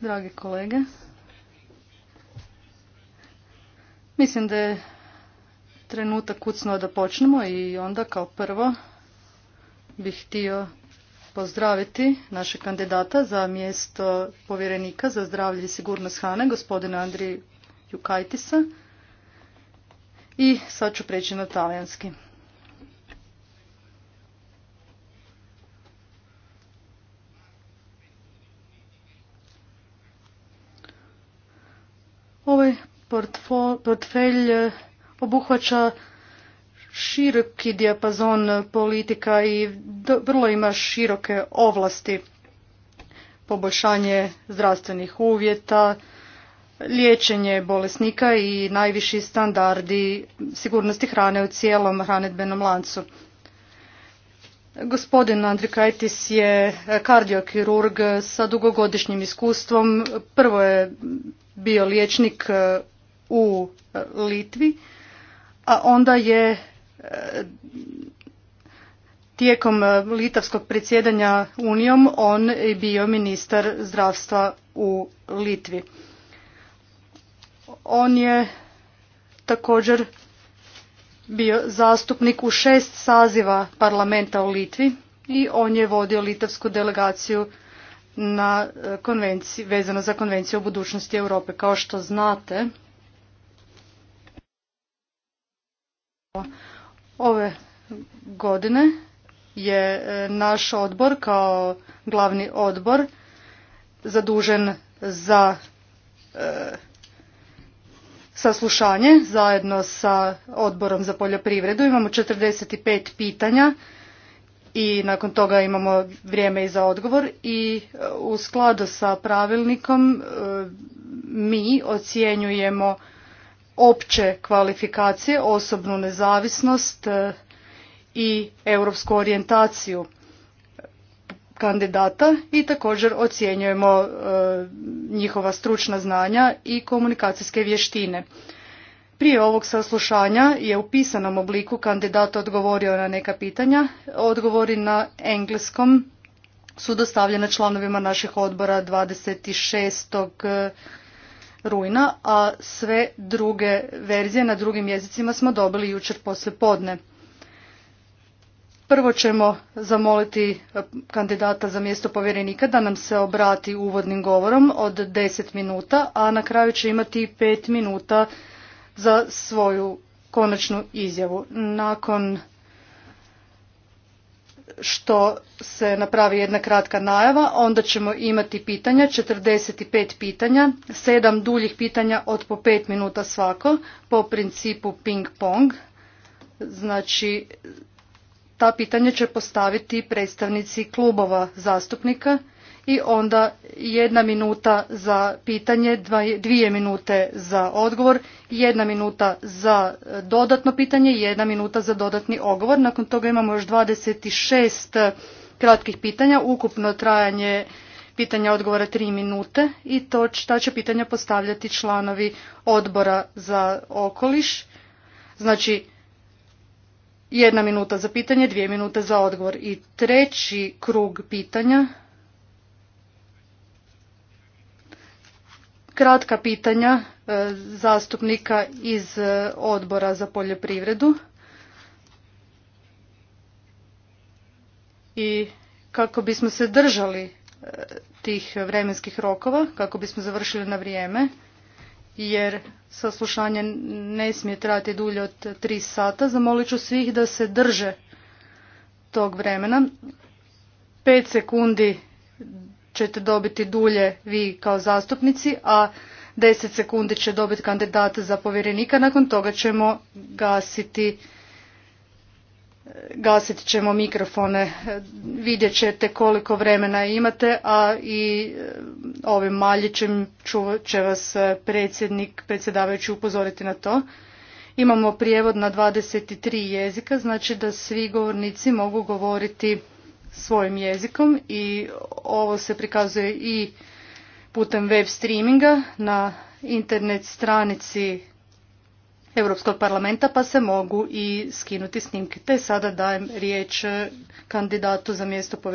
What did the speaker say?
Dragi kolege, mislim da je trenutak kucno da počnemo i onda kao prvo bih htio pozdraviti naše kandidata za mjesto povjerenika za zdravlje i sigurnost hrane, gospodina Andrija Jukajtisa. I sad ću preći na talijanski. portfelj eh, obuhvaća široki dijapazon eh, politika i vrlo ima široke ovlasti. Poboljšanje zdravstvenih uvjeta, liječenje bolesnika i najviši standardi sigurnosti hrane u cijelom hranedbenom lancu. Gospodin Kajtis je eh, kardiokirurg sa dugogodišnjim iskustvom. Prvo je bio liječnik u Litvi, a onda je e, tijekom e, litavskog predsjedanja Unijom on je bio ministar zdravstva u Litvi. On je također bio zastupnik u šest saziva parlamenta u Litvi i on je vodio litavsku delegaciju na e, konvenciji, vezano za konvenciju o budućnosti Europe. Kao što znate, Ove godine je e, naš odbor kao glavni odbor zadužen za e, saslušanje zajedno sa odborom za poljoprivredu. Imamo 45 pitanja i nakon toga imamo vrijeme i za odgovor i e, u skladu sa pravilnikom mi ocjenjujemo opće kvalifikacije, osobnu nezavisnost e, i europsku orijentaciju kandidata i također ocjenjujemo e, njihova stručna znanja i komunikacijske vještine. Prije ovog saslušanja je u pisanom obliku kandidat odgovorio na neka pitanja. Odgovori na engleskom su dostavljene članovima naših odbora 26 rujna, a sve druge verzije na drugim jezicima smo dobili jučer posle podne. Prvo ćemo zamoliti e, kandidata za mjesto povjerenika da nam se obrati uvodnim govorom od 10 minuta, a na kraju će imati 5 minuta za svoju konačnu izjavu. Nakon što se napravi jedna kratka najava, onda ćemo imati pitanja, 45 pitanja, 7 duljih pitanja od po 5 minuta svako, po principu ping-pong. Znači, ta pitanja će postaviti predstavnici klubova zastupnika i onda jedna minuta za pitanje, dvije minute za odgovor, jedna minuta za e, dodatno pitanje, jedna minuta za dodatni odgovor. Nakon toga imamo još 26 e, kratkih pitanja, ukupno trajanje pitanja odgovora tri minute i to šta će pitanja postavljati članovi odbora za okoliš. Znači, jedna minuta za pitanje, dvije minute za odgovor. I treći krug pitanja kratka pitanja e, zastupnika iz e, odbora za poljoprivredu. I kako bismo se držali e, tih vremenskih rokova, kako bismo završili na vrijeme, jer saslušanje ne smije trati dulje od tri sata, zamolit ću svih da se drže tog vremena. Pet sekundi ćete dobiti dulje vi kao zastupnici, a 10 sekundi će dobiti kandidat za povjerenika, nakon toga ćemo gasiti gasit ćemo mikrofone, vidjet ćete koliko vremena imate, a i e, ovim maljićem će vas e, predsjednik, predsjedavajući upozoriti na to. Imamo prijevod na 23 jezika, znači da svi govornici mogu govoriti svojim jezikom i ovo se prikazuje i putem web streaminga na internet stranici Europskog parlamenta pa se mogu i skinuti snimke. Te sada dajem riječ kandidatu za mjesto